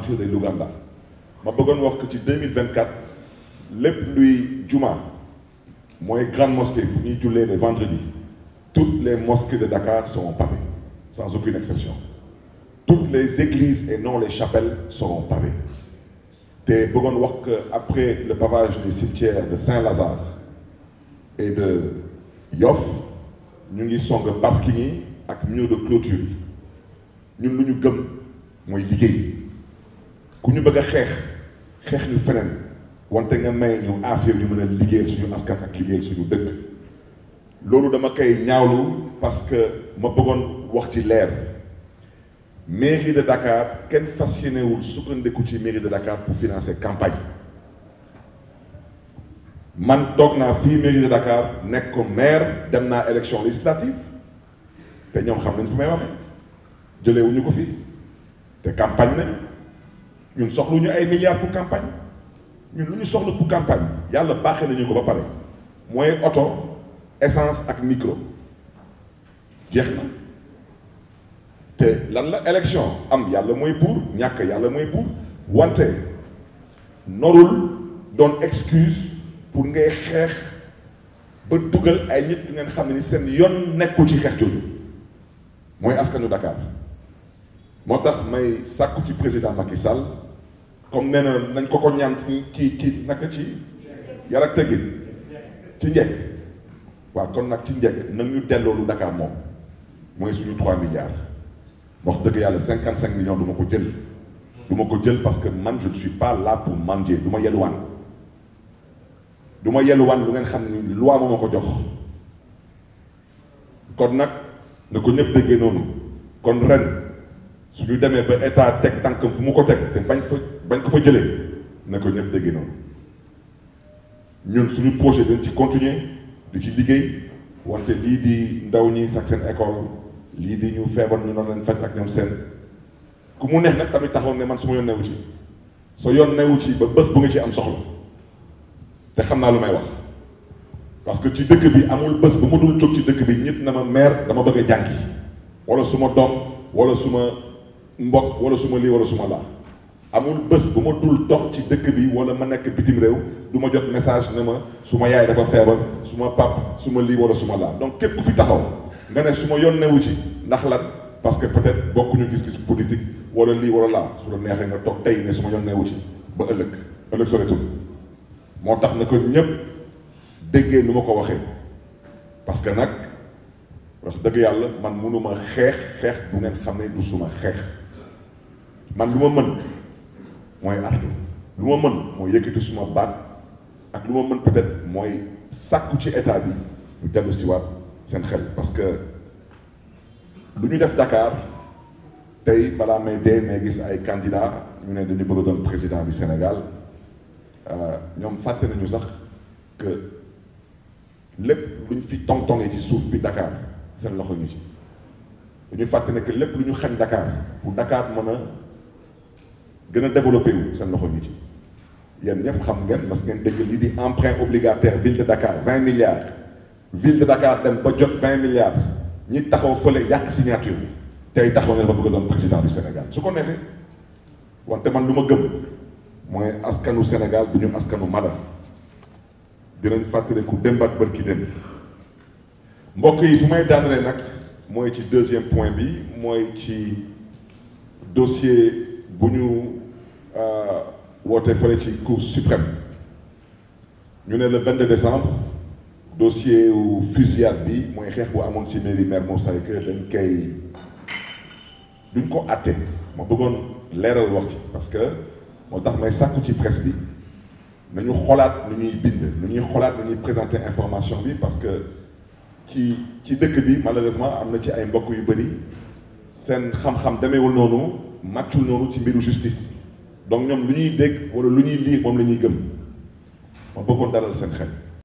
partir de l'Ouganda ma bëggoon wax que ci 2024 lépp luy juma mooy grande mosquée fu ñuy jullee le vendredi toutes les mosquées de Dakar seront pavées sans aucune exception toutes les églises et non les chapelles seront pavées te bëggoon wax que après le pavage des cimetières de Saint-Lazare et de Yoff ñu ngi song parking yi ak mur de clôture ñun lu ñu gëm mooy liggéey ku ñu bëgg a xeex xeex ñu feneen wante nga may ñu affaire ñu mën a liggéeyal suñu askan ak liggéeyal suñu dëkk loolu dama koy ñaawlu parce que ma bëggoon wax ci leer mairie de Dakar kenn fas yéene wul sukkandiku ci mairie de Dakar pour financer campagne man toog naa fii mairie de Dakar nekk ko maire dem naa élection législative te ñoom xam nañ fu may waxe jëlee wuñu ko fii te campagne nañu ñun soxluñu ay milliards pour campagne ñun lu ñu soxla pour campagne yàlla baaxee nañu ko ba pare mooy oto essence ak micro jeex na te lan la élection am yàlla mooy buur ñàkk yàlla mooy buur wante norul doon excuse pour ngay xeex ba dugal ay nit ngeen xam ne ni seen yoon nekkul ci xeex jooju mooy askanu Dakar moo tax may sàkku ci président Macky Sall comme nee na nañ ko ko ñaan ci ci naka ci yar ak ci njëkk waaw kon nag ci njëkk nag ñu delloolu Dakar moom mooy suñu 3 milliards wax dëgg yàlla cinquante millions du ma ko jël du ma ko jël parce que man je ne suis pas là pour manger du ma yeluwaan du ma yeluwaan lu ngeen xam ni loi moo ma ko jox kon nag na ko ñëpp déggee noonu kon ren suñu demee ba état teg tànkam fu mu ko teg te bañ fa bañ ko fa jëlee na ko ñëpp dégg noonu ñun suñu projet ci continuer di ci liggéey wante lii di ndaw ñi sax seen école lii di ñu feebar ñu noonu lañ faj ak ñoom seen ku mu neex nag tamit taxaw ne man su ma yoon newu ci soo yoon newu ci ba bés bu nga ci am soxla te xam naa lu may wax parce que ci dëkk bi amul bés bu ma dul jóg ci dëkk bi ñëpp na ma meer dama bëgg a jàngi wala suma ma doom wala suma ma mbokk wala su ma lii wala su laa amul bés bu ma dul dox ci dëkk bi wala ma nekk bitim réew du ma jot message ne ma su ma yaay dafa feebar su ma pap su ma lii wala su ma laa donc képp ku fi taxaw nga ne su ma yoon newu ci ndax lan parce que peut-être bokkuñu gis-gis politique wala lii wala laa su la neexee nga toog tey ne su ma yoon yónnewu ci ba ëllëg ëllëg soretul moo tax na ko ñépp déggee nu ma ko waxee parce que nag wax dëgg yàlla man mënuma xeex xeex bu ngeen xam ne du suma xeex man lu mooy artu lu ma mën mooy yëkkati suma baat ak lu ma mën peut-être mooy sàkku ci état bi ñu dellu siwaat seen xel parce que lu ñu def Dakar tey balaa may dee may gis ay candidat ñu ne dañu bëgg doon président du Sénégal euh, ñoom fàtte nañu sax que lépp lu ñu fi tong-tongee ci suuf bi Dakar seen loxo ñu ci lu ñu fàtte ne que lépp lu ñu xem Dakar pour Dakar mën a gën a développé wu seen loxo ngi ci yéen ñëpp xam ngeen mas ngeen dégg lii di emprunt obligataire ville de Dakar vingt milliards ville de Dakar dem ba jot vingt milliards ñi taxaw fële yàq signature bi tey taxaw ne dafa bëgg a doon président du Sénégal su ko wante man lu ma gëm mooy askanu Sénégal bu ñu askanu mala dinañ fàttaliku démb ak bërki démb mbokk yi fu may daanale nag mooy ci deuxième point bi mooy ci dossier bu ñu Euh, woote fële ci cour suprême ñu ne le de décembre dossier wu fusillade bi mooy xeex bu amoon ci mairie Mermoz Sacré-Cœur dañ koy duñ ko àtte ma bëggoon leeral wax ci parce que moo tax may sàkku ci presque bi nañu xolaat nu ñuy bind nu ñuy xolaat nu ñuy présenter information bi parce que ci ci dëkk bi malheureusement am na ci ay mbokk yu bëri seen xam-xam demeewul noonu màccul noonu ci mbiru justice donc ñoom lu ñuy dégg wala lu ñuy lii moom la ñuy gëm ma bëggoon dalal seen xel.